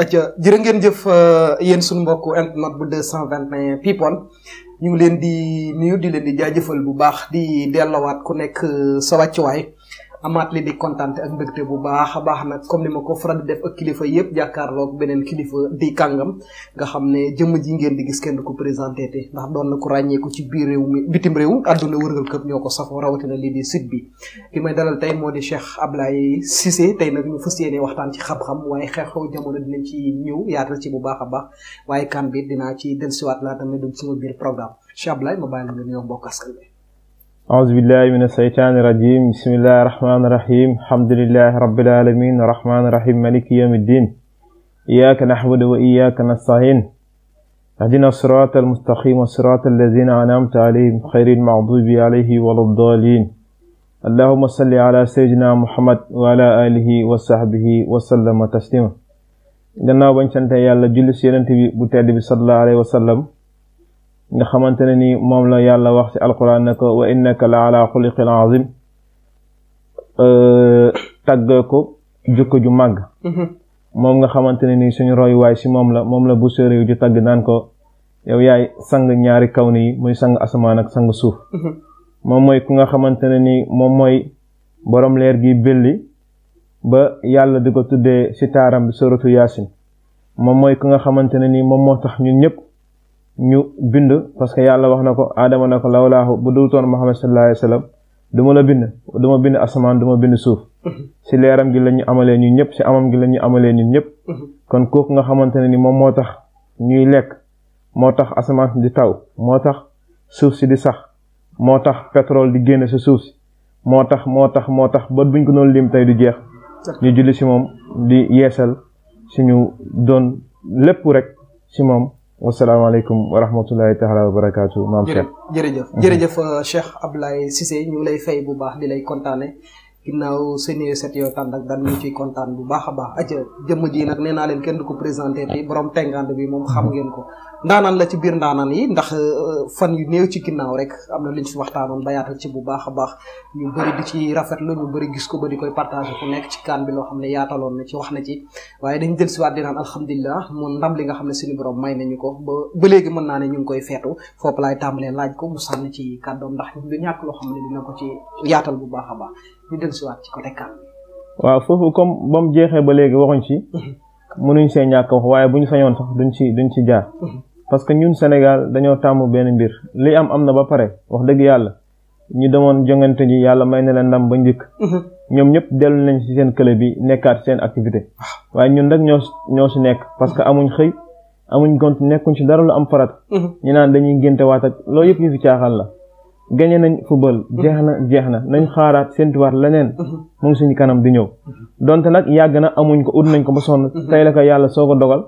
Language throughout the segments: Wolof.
acca jërë ngeen jëf uh, yéen suñu mbokk internet bu deux cent vingt mais pipon ñu ngi leen di nuyu di leen di jaajëfal bu baax di dellowaat ku nekk uh, sa wàccuwaay amaat li di kontaan ak mbégte bu baax a baax nag comme ni ma ko faral di def ak kilifa yëpp jàkkaarloog beneen kilifa di kàngam nga xam ne jëmm ji ngeen di gis kenn du ko présenté te ndax doon na ko ràññeeku ci biir réew mi bitim réew àdduna wërngal këpp ñoo ko safoo rawatina lii di sud bi. li may dalal tey moo di Cheikh Ablaye Cissé tey nag ñu fas yéene waxtaan ci xam-xam waaye xeex xew jamono dinañ ci ñëw yaatal ci bu baax a baax waaye kan bi dinaa ci dellusiwaat laa tamit dugg sama biir programme Cheikh Ablaye ma bàyyi la nga nuyoo أعوذ بالله من الشيطان الرجيم بسم الله الرحمن الرحيم الحمد لله رب العالمين الرحمن الرحيم مالك يوم الدين إياك نحمد وإياك نستعين اهدنا الصراط المستقيم صراط الذين أنعمت عليهم خير المغضوب عليه ولا الضالين اللهم صل على سيدنا محمد وعلى آله وصحبه وسلم تسليما gannaaw bañ sant yàlla julli si yonent bi bu tedd bi sallallahu alayhi wa sallam nga xamante ne ni moom la yàlla wax ci alquran ne ko wa innaka la ala xuliqin azim tàggee ko jukko ju màgg mm-hmm. moom nga xamante ne ni suñu royuwaay si moom la moom la bu séeréer ju tagg naan ko yow yaay sang ñaari kaw ni yi muy sang asamaan ak sang suuf mm-hmm. moom mooy ku nga xamante ne ni moom mooy borom leer gi belli ba yàlla di ko tuddee si taaram bi suratu yaasin moom mooy ku nga xamante ne ni moom moo tax ñu ñëpp ñu bind parce que yàlla wax na ko aadama na ko lawlaahu bu duutoon Muhammad sallallahu alayhi wa sallam du ma la bind du ma bind asamaan du ma bind suuf si leeram gi la ñu amalee ñun ñëpp si amam gi la ñu amalee ñun ñëpp kon kooku nga xamante ne ni moom moo tax ñuy lekk moo tax asamaan si di taw moo tax suuf si di sax moo tax pétrole di génn si suuf si moo tax moo tax moo tax ba buñ ko doon lim tey du jeex ñu julli si moom di yeesal suñu doon lépp rek si moom wasalaamaaleykum wa rahmatulahi taala wa barakaatu. maam Cheikh jërëjëf jërëjëf Cheikh Abdoulaye Cissé ñu ngi lay fay bu baax di lay kontaane ginnaaw sene set yoo tànd ak dal ñu ciy kontaan bu baax a baax aja jëmm ji nag nee naa leen kenn du ko présenté tey borom tengand bi moom xam ngeen ko ndaanaan la ci biir ndaanaan yi ndax euh, fan yu néew ci ginnaaw rek am na lu si waxtaanoon ba yaatal ci bu baax a baax ñu bëri di ci rafetlu ñu bëri gis ko ba di koy partagé ku nekk kan bi loo xam ne yaataloon na ci wax na ci waaye dañ jël siwaat di naan alhamdulilah mu ndam li nga xam ne suñu borom may nañu ko ba ba léegi mën naa ne ñu ngi koy feetu foofu laay tàmbalee laaj ko mu sànni ci kàddoom ndax du ñàkk loo xam ne dina ko ci yaatal bu baax a baax ñu dellusiwaat ci waaw foofu comme ba jeexee ba léegi waxuñ ci. mënuñ see ñàkk wax waaye bu ñu sañoon sax duñ ci duñ ci jaar. parce que ñun Sénégal dañoo tàmm benn mbir li am am na ba pare wax dëgg yàlla ñu demoon jongante ji yàlla may na leen ndam ba njëkk. ñoom ñëpp dellu nañ ci seen club bi nekkaat seen activité. waaye ñun rek ñoo ñoo ci nekk parce que amuñ xëy amuñ gont nekkuñ ci dara lu am farat. Uhuh. ñu naan dañuy génte waat ak loolu yëpp ñu fi caaxaan la. gañe nañ football jeex na jeex na nañ xaaraat séntuwaat leneen mu ngi ñu kanam di ñëw mhm. donte nag yàgg na amuñ ko ut nañ ko ba sonn mhm. tey la ko yàlla soo ko dogal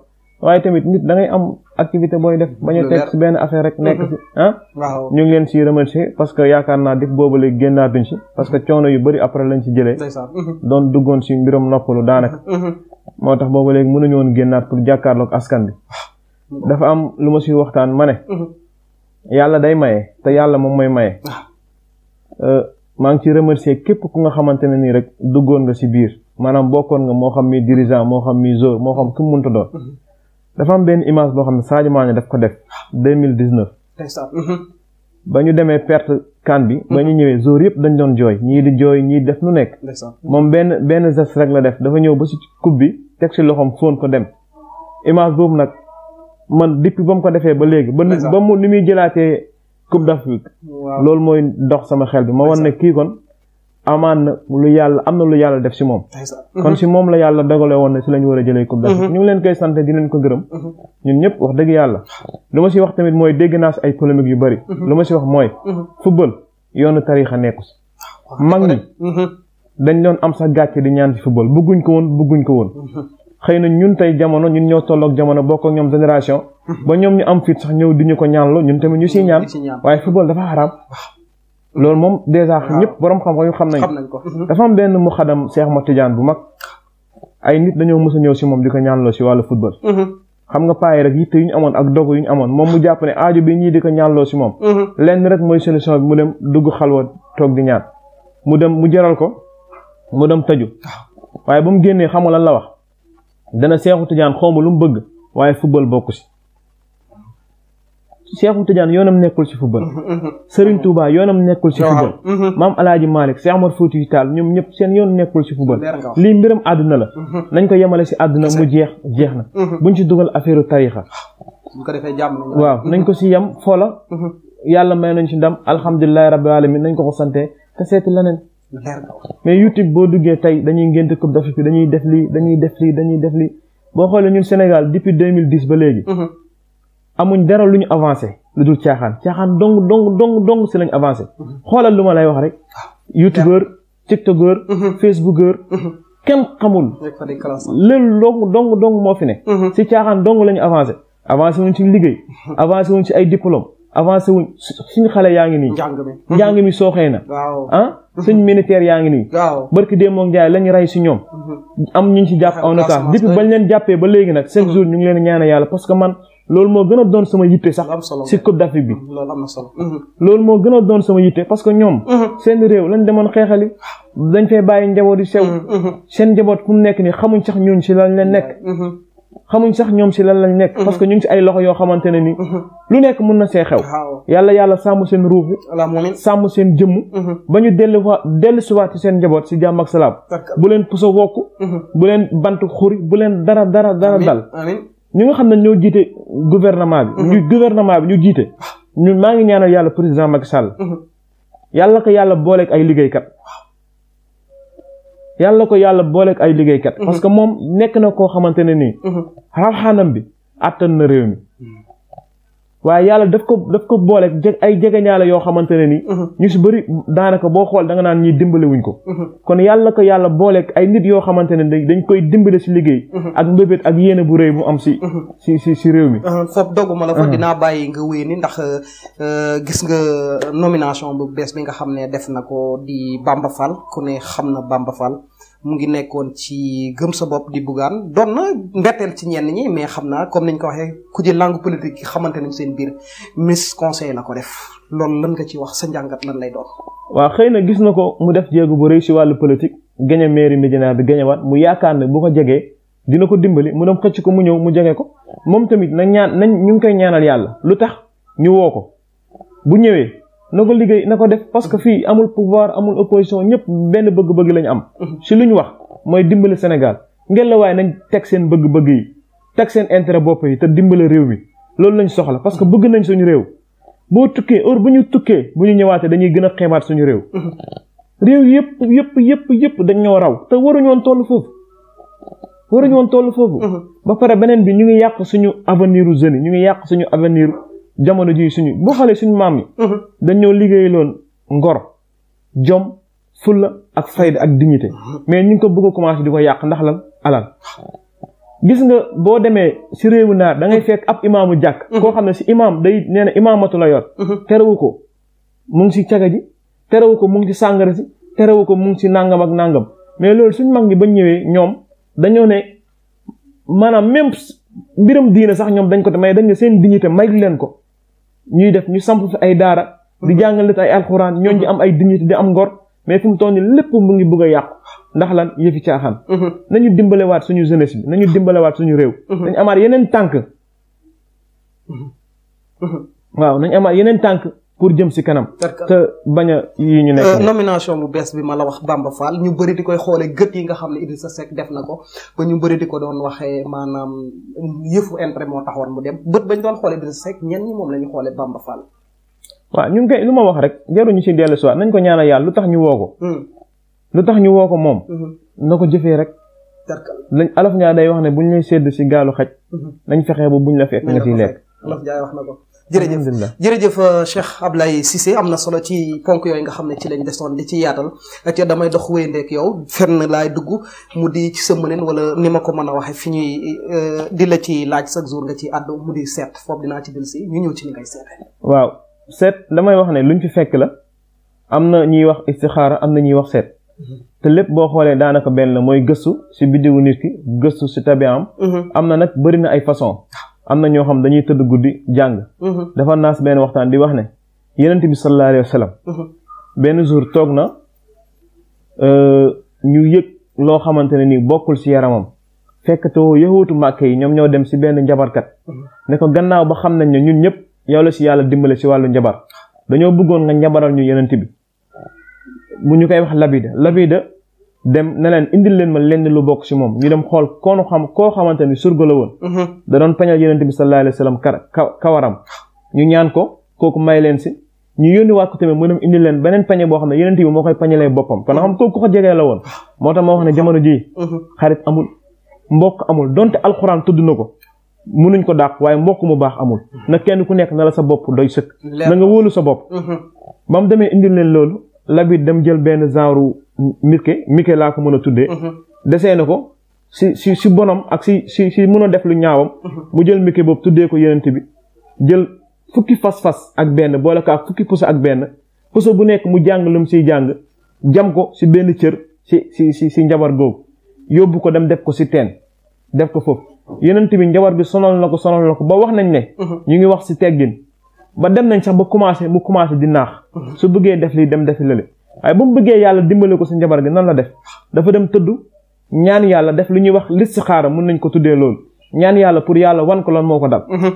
waaye tamit nit da am activité booy def bañu teg si benn affaire rek nekk si mhm. ah ñu ngi leen si remercier parce que yaakaar naa def boobu léegi génnaatuñ si parce que coono yu bëri après lañ si jëlee doon duggoon si mbiram noppalu daanaka moo tax boobu léegi mënuñu woon génnaat pour jàkkaarloog askan bi ah. dafa am lu yàlla day maye te yàlla moom mooy maye. Ah. Euh, maa ngi ci remercier képp ku nga xamante ne nii rek duggoon nga si biir maanaam bokkoon nga moo xam mi dirigeant moo xam mi joueur moo xam ku munta mënta doon. Mhm. dafa am benn image boo xam ne Sadio Mané daf ko def deux mille dix neuf. Mhm. ba ñu demee perte kan bi. ba ñu mhm. ñëwee joueur yëpp dañ doon jooy ñii di jooy ñii def nu nekk. moom benn benn geste rek la def dafa ñëw ba si coupe bi teg si loxoom fóon ko dem image boobu nag. man depuis ba mu ko defee ba léegi. ba ba mu ni muy jëlaatee Coupe d'Afrique. loolu mooy dox sama xel bi ma wan ne kii kon. amaan na lu yàlla am na lu yàlla def si moom. kon si mhm. moom la yàlla dogale woon na si la ñu war a jëlee coupe d'Afrique. Mhm. ñu ngi leen koy sant di leen ko gërëm. Mhm. ñun ñëpp wax dëgg yàlla. lu ma si wax tamit mooy dégg naa si ay polémique yu bari. lu ma si wax mooy. football yoon tariixa nekku si. Ah, mag ñi dañ doon am sax gàcce di ñaan si football bëgguñ ko woon bëgguñ ko woon. xëy nañ ñun tey jamono ñun ñoo tolloog jamono bokk ak ñoom génération. Mhm. ba ñoom ñu am fit sax ñëw di ñu ko ñaanlu ñun tamit ñu si ñaan. waaye football dafa xaraam. loolu moom dèjà ñëpp borom xam-xam yu xam nañ ko. Mhm. dafa benn mu xadam Cheikh Mat Tidiane bu mag. ay nit dañoo mës ñëw si moom di ko ñaanloo si wàllu football. Mhm. xam nga paay rek yitte yu ñu amoon ak dogu yu ñu amoon moom mu jàpp ne aajo bi ñii di ko ñaanloo si moom. lenn rek mooy solution bi mu dem dugg xalwa toog di ñaan. mu dem mu jaral ko mu dem tëju. waaye ba mu génnee xam nga lan la wax dana Seexu Tijaan xawma lu mu bëgg waaye football bokk si Seexu Tijaan yoonam nekkul si football Serigne tuubaa yoonam nekkul si football mhm. maam Alaaji Malick Seex ma Fuutiyu Taal ñoom ñëpp seen yoon nekkul si football lii mbiram àdduna la mhm. nañ ko yemale si àdduna mu jeex jeex na mhm. buñ si dugal affaire tarixa waaw nañ ko si yem foola yàlla may nañ si ndam alhamdulilahi rabbil alamin nañ ko ko sante te seeti leneen mais YouTube boo duggee tey dañuy ngénte Coupe d'Afrique bi dañuy def lii dañuy def lii dañuy def lii boo xoolee ñun Sénégal depuis 2010 ba léegi. Mhm. amuñ dara lu ñu avancé lu dul caaxaan caaxaan dong dong dong dong si lañ avancé. Mhm. xoolal lu ma lay wax rek. youtubeur tiktokeur. Mhm. facebookeur. kenn xamul. léegi dong dong dong moo fi ne. si caaxaan dong la ñu avancé. avancé wuñ ci liggéey. avancé wuñ si ay diplôme avancé wu suñu xale yaa ngi nii. njàng mi soo xee na. waaw ah suñ militaire yaa ngi nii. waaw barki Demba Ndiaye lañ rey si ñoom. Mhm. am ñu ci jàpp en otage depuis bañ leen jàppee ba léegi nag chaque mhm. jour ñu ngi leen ñaana yàlla parce que man. loolu moo gën a doon sama yitte sax si mhm, loolu moo gën doon sama yitte parce que ñoom seen réew lañ demoon xeexali dañ fay bàyyi njaboot yu sew seen njaboot fu mu nekk ni xamuñ sax ñu ñun si lañ leen nekk xamuñ sax ñoom si lan lañ nekk. Mhm. parce que ñu ngi si ay loxo yoo xamante ne ni. Mhm. lu nekk mun na see xew. yàlla yàlla sàmm seen ruuxu. sàmm seen jëmm. Mhm. ba ñu dell delluwaat dellusiwaat ci seen njaboot si jàmm ak salaam. bu leen puso wokk. bu leen bant xuri bu leen dara dara dara dal. ñu nga xam ne ñoo jiite gouvernement bi. ñu gouvernement bi ñu jiite. Ah. ñun maa ngi ñaanal yàlla président Macky Sall. yàlla ko yàlla booleeg ay liggéeykat. yàlla ko yàlla booleeg ay liggéeykat. Mm-hmm. parce que moom nekk na koo xamante ne nii. Mm-hmm. raw xaanam bi àttan na réew mi. Mm-hmm. waaye yàlla daf ko daf ko boole ay jegeñaale yoo xamante ne ni. Mhm. ñu si bëri daanaka boo xool danga naan ñii dimbale wuñ ko. Mhm. kon yàlla ko yàlla booleeg ay nit yoo xamante ne dañ koy dimbale si liggéey. Mhm. ak mbébét ak yéene bu rëy bu am si. si si si réew mi. foofu dogguma la fa dinaa bàyyi nga wéy ni ndax euh, gis nga nomination bu bees bi nga xam ne def na ko di Bamba Fall ku ne xam na Bamba Fall. mu ngi nekkoon ci gëm sa bopp di buggaan doon na mbetteel ci ñenn ñi mais xam naa comme niñ ko waxee ku ji langue politique yi xamante nañ seen biir mis conseil la ko def loolu lan nga ci wax sa njàngat lan lay doon. waaw xëy na gis na ko mu def jéego bu rëy si wàllu politique gañe mairie Médina bi gañe mu yaakaar ne bu ko jegee dina ko dimbali mu dem xëcc ko mu ñëw mu jege ko moom tamit na nañ ñu ngi koy ñaanal yàlla lu tax ñu woo ko bu ñëwee. na ko liggéey na ko def parce que fii amul pouvoir amul opposition ñëpp benn bëgg-bëgg lañu am. si lu ñu wax mooy dimbali Sénégal ngeen waaye nañ teg seen bëgg-bëgg yi teg seen intérêt bopp yi te dimbali réew mi loolu lañ soxla parce que bëgg nañ suñu réew boo tukkee heure bu ñu tukkee bu ñu ñëwaatee dañuy gën a xeemaat suñu réew. réew yëpp yëpp yëpp yëpp dañ ñoo raw te waruñu woon toll foofu waruñu woon toll foofu. ba pare beneen bi ñu ngi yàq suñu avenir u jeunes ñu ngi yàq suñu avenir jamono ji suñu boo xoolee suñu maam yi. Mhm. dañoo liggéey loon ngor jom fulla ak fayda ak dignité mhm. mais ñu ngi ko bëgg a commencé di ko yàq ndax lan alal gis nga boo demee si réewu naar da ngay mhm. fekk ab imaamu jàkk koo xam ne si imaam day nee na imaamatu la yor terewu ko mu ngi si caga ji terewu ko mu ngi si sàngara si terewu ko mu ngi si nàngam ak nàngam mais loolu suñ mag ñi ba ñëwee ñoom dañoo ne maanaam même mbiram diine sax ñoom dañ ko te may dañ nga seen dignité may leen ko ñuy def ñu samp fi ay daara. di jàngale ay alxuraan ñooñu di am ay dignité di am ngor. mais fu mu toll nii lépp mu ngi bëgg a yàqu ndax lan yëfi caaxaan. Mhm. nañu dimbalewaat suñu jeunesse bi nañu dimbalewaat suñu réew. Mhm. nañu amaat yeneen tànk. Mhm. waaw nañu amaat yeneen tànk. pour jëm si kanam. te bañ a yi ñu nekk. Euh, nomination bu bees bi ma la wax Bamba faal ñu bëri di koy xoolee gët yi nga xam ne sa Seck def na ko ba ñu bëri di ko doon waxee maanaam yëfu intérêt moo taxoon mu dem bët bañ doon xoolee Idrissa Seck ñenn ñi moom la ñu xoolee Bamba Fall. waaw ñu ngi koy lu ma wax rek jaruñu si dellu si waat nañ ko ñaanal yàlla lu tax ñu woo ko. Hmm. lu tax ñu woo ko moom. Hmm. na ko jëfee rek. lañ alaf ñaa day wax ne buñ lay sédd si gaalu xaj. Hmm. nañ fexe ba buñ la fekk nga siy lekk. wax na ko. jërëjëf jërëjëf euh, Cheikh Ablaye Cissé am na solo ci ponk yooyu nga xam ne ci lañ desoon di ci yaatal te damay dox wéyandeek yow fenn laay dugg mu di ci sa mëneen wala ni ma ko mën a waxee fi ñuy euh, di la ci laaj chaque jour nga ci àddu mu di seet foofu dinaa ci dil si ñu ñëw ci ni ngay seetee. waaw seet damay wax ne luñ ci fekk la am na ñuy wax istixaara am na ñuy wax seet. Mhm. te lépp boo xoolee daanaka benn la mooy gëstu si biddiwu nit ki gëstu si tabiam mhm. am na nag bëri na ay façon am na ñoo xam dañuy tëdd guddi jàng. Mhm. dafa naas benn waxtaan di wax ne yonent bi sallallahu alayhi wa sallam. Mhm. benn jour toog na euh, ñu yëg loo xamante ne ni bokkul ci yaramam fekk woo yahuutu màkke yi ñoom ñoo dem ci benn njabarkat. Mhm. ne ko gannaaw ba xam nañ ne ñun ñëpp yow la ci yàlla dimbale ci wàllu njabar dañoo bëggoon nga njabaral ñu yonent bi. bu ñu koy wax labida labida dem ne leen indil leen ma lenn lu bokk si moom ñu dem xool xam koo xamante ni surga la woon. Mm-hmm. da doon peñal yonent bi sallallahu alayhi wa ka kawaram. ñu ñaan ko kooku may leen si ñu yónniwaat ko tamit mu dem indi leen beneen pañe boo xam ne yonent bi moo koy pañalee boppam kon xam kooku ko jegee la woon. Mm-hmm. moo tax ma wax ne jamono jii. Mm-hmm. xarit amul mbokk amul donte alxuraan tudd na ko. munuñ ko dàq waaye mbokk mu baax amul. na kenn ku nekk na la sa bopp doy sëkk. na nga wóolu sa bopp. ba mu demee indil leen loolu. labit dem jël Mirke Mirke laa ko mën a tuddee. Mhm. desee na ko si si si bonam ak si si si mën a def lu ñaawam. Mhm. mu jël Mirke boobu tuddee ko yenent bi jël fukki fas-fas ak benn boole ko ak fukki puso ak benn puso bu nekk mu jàng lu mu siy jàng jam ko si benn cër si si si si njabar googu yóbbu ko dem def ko si teen def ko foofu. yenent bi njabar bi sonal na ko sonal na ko ba wax nañ ne. Mhm. ñu ngi wax si teggin ba dem nañ sax ba commencé mu commencé di naax. su bëggee def lii dem defi lële. waaye ba mu bëggee yàlla dimbali ko si njabar gi nan la def dafa dem tëdd ñaan yàlla def lu ñuy wax list listixaara mun nañ ko tuddee loolu ñaan yàlla pour yàlla wan ko lan moo ko dal mm-hmm.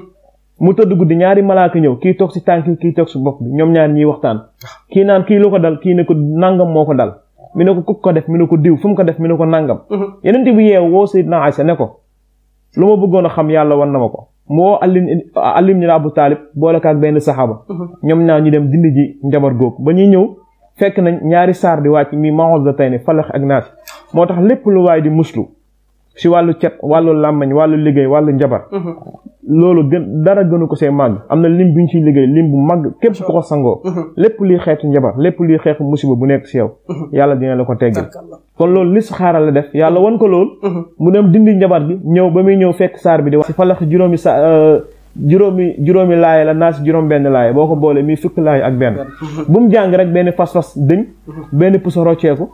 mu tëdd guddi ñaari malaaka ñëw kii toog si tànk yi kii toog si bopp bi ñoom ñaar ñiy waxtaan kii naan kii lu ko dal kii ne ko nàngam moo ko dal mi ne ko kuk ko def mi ne ko diw fu mu ko def mi ne ko nàngam mm-hmm. yenente bi yeew woo Seydina Aysa ne ko lu ma bëggoon a xam yàlla wan na ma ko mu woo alim alim ñu la Abu Taalib boole ko ak benn saxaaba mm-hmm. ñoom ñaar ñu dem dindi ji njabar góob ba ñuy ñëw fekk nañ ñaari saar di wàcc mi ma'uuzatayni falax ak naas moo tax lépp lu waay di muslu si wàllu cet wàllu làmmañ wàllu liggéey wàllu njabar mhm. loolu gën dara gënu ko see màgg am na lim bu ñu ciy liggéey lim bu màgg képp ko ko sangoo mhm. lépp luy xeetu njabar lépp luy xeetu musiba bu nekk si yow mhm. yàlla dina la ko tegg kon loolu listixaara la def yàlla wan ko loolu mu dem dindi njabar bi ñëw ba muy ñëw fekk saar bi di wax si falax juróomi juróomi laay la naas juróom benn laay boo ko boolee mii fukk laay ak benn bu mu jàng rek benn fas-fas dëñ benn puso rocceeku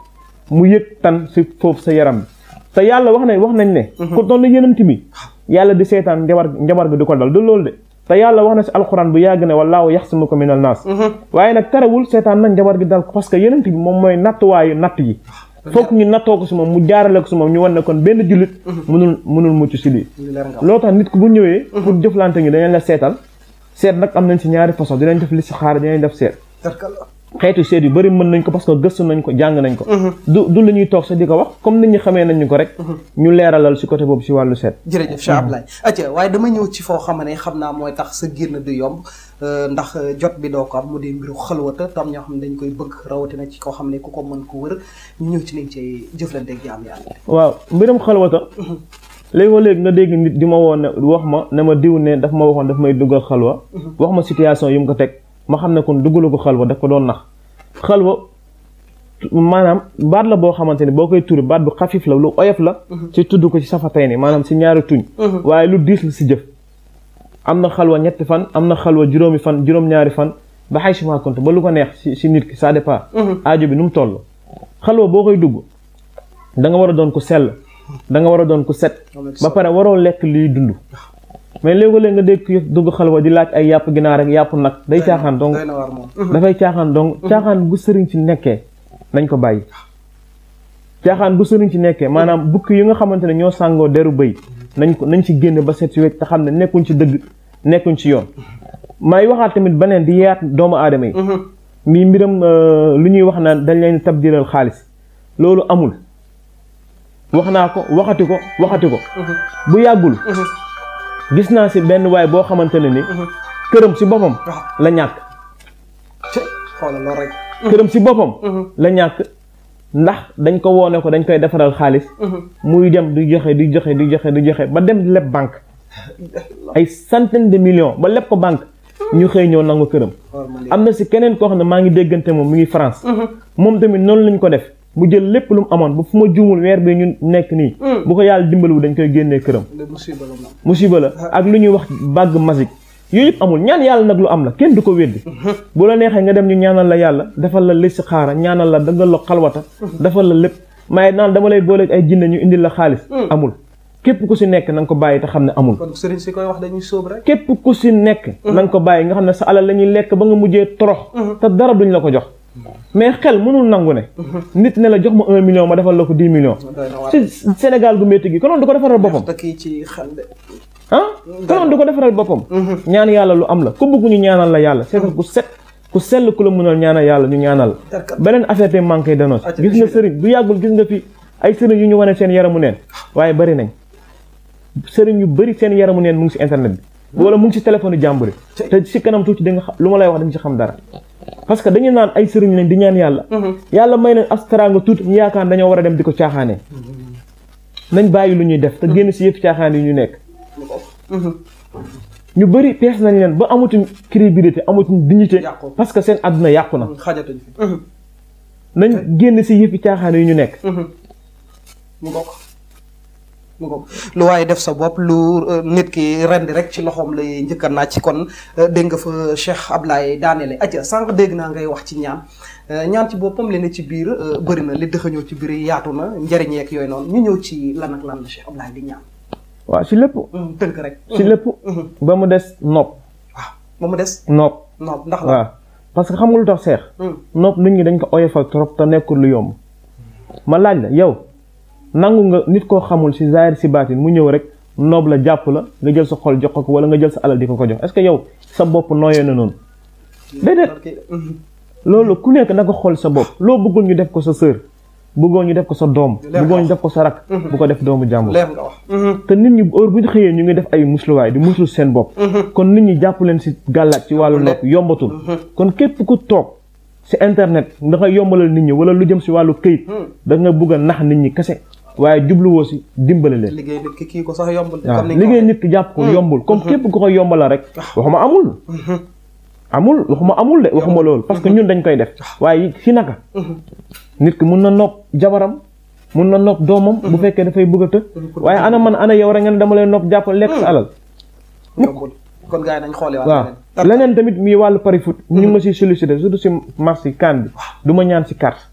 mu yëg tan si foofu sa yaram bi te yàlla wax nañ wax nañ ne ku mhm. doon yenant bi yàlla di seetaan njabar njabar gi di ko dal du loolu de te yàlla wax na si alxuraan bu yàgg ne wallaahu yaxsimuka minal naas mhm. waaye nag terewul seetaan nag njabar gi dal parce que yenant bi moom mooy nattuwaayu natt yi foog ñu nattoo ko si moom mu jaarale ko si moom ñu wan na kon benn jullit mënul mënul mucc si lii loo tax nit ku bu ñëwee mhm. pour jëflante ñu dañu la seetal seet nag am nañ si ñaari façon dinañ def li si xaar dinañ def seet xeetu seet yu bëri mën nañ ko parce que gëstu nañ ko jàng nañ ko mhm. du du la ñuy toog sax di ko wax comme nit ñi xamee nañ ñu ko rek mhm. ñu leeralal si côté boobu si wàllu seet jërëjëf mhm. waaye dama ñëw ci foo xam ne xam naa mooy tax sa génn du yomb euh, ndax euh, jot bi doo ko am mu di mbiru xalwata tam ñoo xam dañ koy bëgg rawatina ci koo xam ne ku ko mën ko wër ñu ñëw ci niñ ci jëflanteeg jaam yàlla waaw mbirum xalwata léegoo léeg nga dégg nit di ma woon ne wax ma ne ma diw ne daf ma waxoon daf may duggal xalwa wax ma situation yi mu ko teg ma xam ne kon duggalu ko xalwa daf ko doon nax xalwa maanaam baat la boo xamante ni boo koy turi baat bu xafif la lu oyof la mhm. ci tudd ko ci safatay ni maanaam si ñaari tuñ mhm. waaye lu diis la si jëf am na xalwa ñetti fan am na xalwa juróomi fan juróom-ñaari fan ba xay si maakonte ba lu ko neex si si nit ki ça dépend mhm. aajo bi nu mu toll xalwa boo koy dugg danga war a doon ko sell danga war a doon ko set ba pare waroo lekk liy dund mais léeg leen nga dégg dugg xalwa di laaj ay yàpp ginaar rek yàpp nag day caaxaan donc mhm. dafay caaxaan donc mhm. caaxaan bu sëriñ ci nekkee nañ ko bàyyi caaxaan bu sëriñ ci nekkee maanaam bukki yi nga xamante ne ñoo sàngoo deru bëy nañ ko nañ ci génn ba set si wecc te xam ne nekkuñ ci dëgg nekkuñ ci yoon may waxaat tamit beneen di yeeyaat doomu aadama yi mhm. mii mbiram euh, lu ñuy wax naan dañ leen tabdiral xaalis loolu amul wax naa ko waxati ko waxati ko bu yàggul gis naa si benn waay boo xamante ne ni. Mhm. këram si boppam. Ah. la ñàkk. xoolal rek. Mhm. këram si boppam. Mhm. la ñàkk ndax dañ ko woone ko dañ koy defaral xaalis. muy dem du joxe du joxe du joxe du joxe ba dem leb banque. ay centaine de million ba leb ko banque. ñu xëy ñëw nangu këram. am na si keneen koo xam ne maa ngi déggante moom mi ngi France. moom tamit noonu lañ ko def. mu jël lépp lu mu amoon ba fu ma juumul weer bi ñu nekk nii. Hmm. bu ko yàlla dimbalu dañ koy génnee këram. musiba la ak lu ñuy wax bàgg masik. yooyu yëpp amul ñaan yàlla nag lu am la kenn du ko weddi. Hmm. bu la neexee nga dem ñu ñaanal la yàlla defal la listixaara ñaanal la dangal la xalwata. Hmm. defal la lépp may naan dama lay booleeg ay jinne ñu indi la xaalis. amul képp ku si nekk na ko bàyyi te xam ne amul. kon sëriñ si koy wax dañuy sóob rek. képp ku si nekk. na ko bàyyi nga xam ne sa alal la ñuy lekk ba nga mujjee torox. te dara duñ la ko jox. mais xel mënul nangu ne. nit ne la jox ma un million ma defal la ko dix millions. ci Sénégal gu métti gi konoon du ko defaral boppam. ah konoon du ko defaral boppam. Mhm. ñaan yàlla lu am la ku bëgg ñu ñaanal la yàlla seetal ku set ku sell ku la mënal ñaanal yàlla ñu ñaanal. beneen affaire bi manqué de noce gis nga sëriñ bu yàggul gis nga fi ay sëriñ yu ñu wane seen yaramu neen waaye bari nañ sëriñ yu bari seen yaramu neen mu ngi ci internet bi. Mhm. wala mu ngi ci téléphone jàmbur te ci kanam tuuti di nga lu ma lay wax dañ ci xam dara parce que dañu naan ay sëriñ lañ di ñaan yàlla. Mhm. yàlla may nañ as teraanga tuuti ñu yaakaar dañoo war a dem di ko caaxaanee. nañ bàyyi lu ñuy def te génn si yëpp caaxaan yi ñu nekk. Mhm. ñu bëri pees nañ leen ba amatuñ crédibilité amatuñ dignité parce que seen àdduna yàqu na. nañ génn si yëpp caaxaane yi ñu nekk. Mhm. lu waaye def sa bopp lu euh, nit ki rendi rek ci loxoom lay njëkka naa ci kon euh, dégg nga fa Cheikh Ablaye daaneele aja sànq dégg naa ngay wax ci ñaan euh, ñaan ci boppam li ne ci biir bëri na li dëxañoo ci biir yaatu na njëriñeek yooyu noonu ñu ñëw ci lan ak lan la ab Ablaye di ñaan waa si lépp mm, tënk rek ci mm-hmm. lépp mm-hmm. ba mu des nopp waaw ah, ba mu des nopp nopp ndax la parce que xamul nga lu tax seex mm. nopp nit ñi dañ ko oyofal trop te nekkul lu yomb ma laaj la yow nangu nga nit koo xamul si zaahir si baatin mu ñëw rek noob la jàpp la nga jël sa xol jox ko wala nga jël sa alal di ko ko jox est que yow sa bopp nooyee na noonu déedéet loolu ku nekk na ko xool sa bopp loo bëggul ñu def ko sa sœur bëggoon ñu def ko sa doom bëggoon ñu def ko sa rak mhm. bu ko def doomu jàmbur mhm. te nit ñi heure bu ñu xëyee ñu ngi def ay musluwaay di muslu seen bopp mhm. kon nit ñi jàpp leen si gàllaaj ci wàllu nopp yombatul kon képp ku toog si internet da nga nit ñi wala lu jëm si wàllu këyit da nga bëgg a nit ñi kese waaye jubluwoo si dimbale leen. liggéey nit ki kii ko sax yombul. waaw liggéey nit ki jàpp ko hmm. yombul. comme hmm. képp ku ko yombala rek. Hmm. waxuma amul. amul waxuma amul de waxuma loolu. parce que ñun dañ koy def. waaye si naka. nit ki mun na nopp jabaram. mun na nopp doomam. bu fekkee dafay bëgg a të. waaye ana man ana yow rek ngeen dama lay nopp jàpp lekk sa alal. kon gars yi nañ xoole waaw leneen tamit mi wàllu pari foot. ñu ngi ma siy sollicité surtout si marché kan bi. du ma ñaan si carte.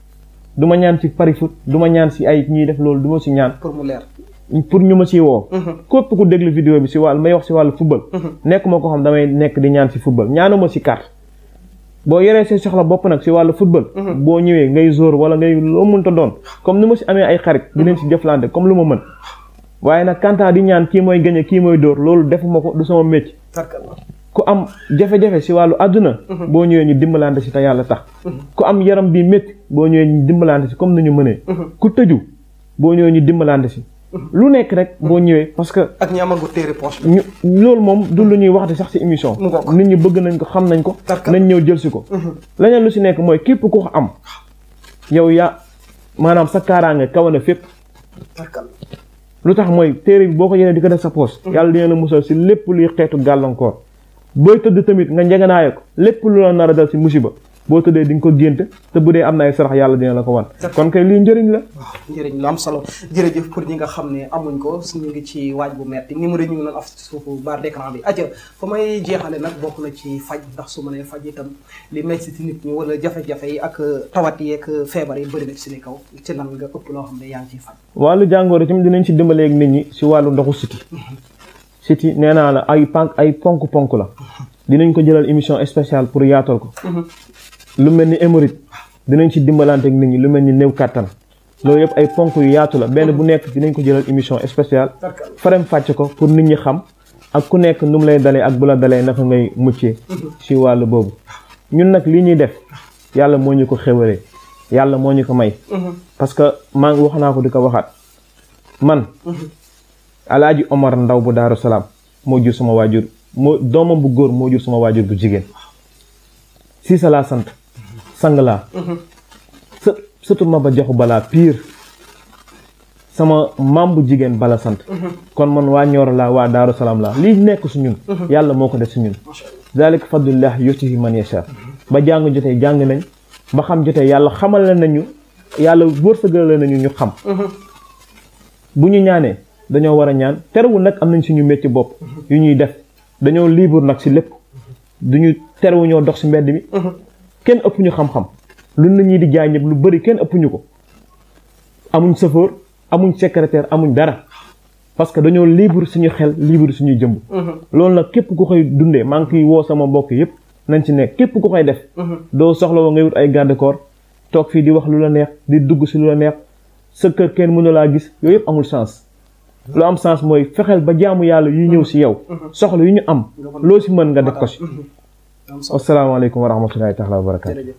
du ma ñaan si pari foot du ma ñaan si ay ñuy def loolu du ma si ñaan. pour mu leer. pour ñu ma si woo. Mm-hmm. képp ku déglu vidéo bi si wàll may wax si wàllu football. Mm-hmm. nekk ma ko xam damay nekk di ñaan si football ñaanuma si carte. boo yoree say soxla bopp nag si wàllu football. Mm-hmm. boo ñëwee ngay zóor wala ngay loo mënta doon comme ni ma si amee ay xarit. di leen si jëflante comme lu ma mën. waaye nag kantaa di ñaan kii mooy gañe kii mooy dóor loolu defuma ko du sama métier. ku am jafe-jafe si wàllu àdduna mhm. boo ñëwee ñu dimbalante si te yàlla tax mhm. ku am yaram bii métti boo ñëwee ñu dimbalante si comme ni ñu mënee mhm. ku tëju boo ñëwee ñu dimbalante si lu nekk rek boo ñëwee parce que ak ñi téere poche ñu loolu moom du lu ñuy wax di sax si émission nit ñi bëgg nañ ko xam nañ ko nañ ñëw jël si ko leneen lu si nekk mooy képp ku ko am yow yaa maanaam sa kaaraange kaw na fépp lu tax mooy téere bi boo ko yenee di ko def sa poche yàlla dina la musal si lépp luy xeetu gàllankoor booy tëdd tamit nga njëganaayoo ko lépp lu la nar a dal si musiba boo tëddee di nga ko gént te bu dee am na ay sarax yàlla dina la ko wan. kon kay lii njëriñ la. waaw njëriñ la am solo jërëjëf pour ñi nga xam ne amuñ ko suñu ngi ci waaj bu metti numéro ñu ngi doon af suufu barre d'écran bi. aja fa may jeexale nag bokk na ci faj ndax su ma nee faj itam li metti si nit ñi wala jafe-jafe yi ak euh, tawat yi ak euh, feebar yi bëri na si ni kaw ci nan nga ëpp loo xam ne yaa ngi ciy faj. wàllu jàngoro tamit dinañ ci dimbalee nit ñi si wàllu ndoxu siti siti nee naa la ay pank ay ponk-ponk la dinañ ko jëlal émission spéciale pour yaatal ko mm-hmm. lu mel ni hémorroïde dinañ ci dimbalante ak nit ñi lu mel ni néew kàttan loolu yëpp ay ponk yu yaatu la benn bu nekk dinañ ko jëlal émission spéciale farem fàcc ko pour nit ñi xam ak ku nekk nu mu lay dalee ak bu la dalee naka ngay muccee mm-hmm. ci wàllu boobu ñun nag lii ñuy def yàlla moo ñu ko xéwalee yàlla moo ñu ko may mm-hmm. parce maa ngi wax naa ko di ko waxaat man alaaji Omar Ndaw bu Daaru Salaam moo jur suma waajur moo doomam bu góor moo jur sama waajur bu jigéen Siise laa sant sang laa mhm. së surtout ma ba joxu balaa piir sama maam bu jigéen bala sant mhm. kon man waa Ñooro laa waa Daaru Salaam laa lii nekk su ñun mhm. yàlla moo ko def su ñun zalika fadlullah yutihi man yasha ba jàng jotee jàng nañ ba xam jotee yàlla xamal nañu yàlla wërsëgal nañu ñu xam bu ñu ñaanee dañoo war a ñaan terewul nag am nañ suñu métti bopp yu ñuy def dañoo libre nag si lépp duñu terewu ñoo dox si mbedd mi kenn ëpp ñu xam-xam lu na ñuy di jaay ñëpp lu bëri kenn ëpp ñu ko amuñ chauffeur amuñ secrétaire amuñ dara parce que dañoo libre suñu xel libre suñu jëmb loolu nag képp ku koy dundee maa ngi woo sama mbokk yëpp nañ ci nekk képp ku koy def doo soxla ngay wut ay garde toog fii di wax lu la neex di dugg si lu la neex sa kër kenn mënu laa gis yooyu amul sens lu am sens mooy fexeel ba jaamu yàlla yu ñëw si yow. Mhm. soxla yu ñu am. loo si mën nga def ko si. Mhm. asalaamaaleykum wa rahmatulahi taala wa barakaatu.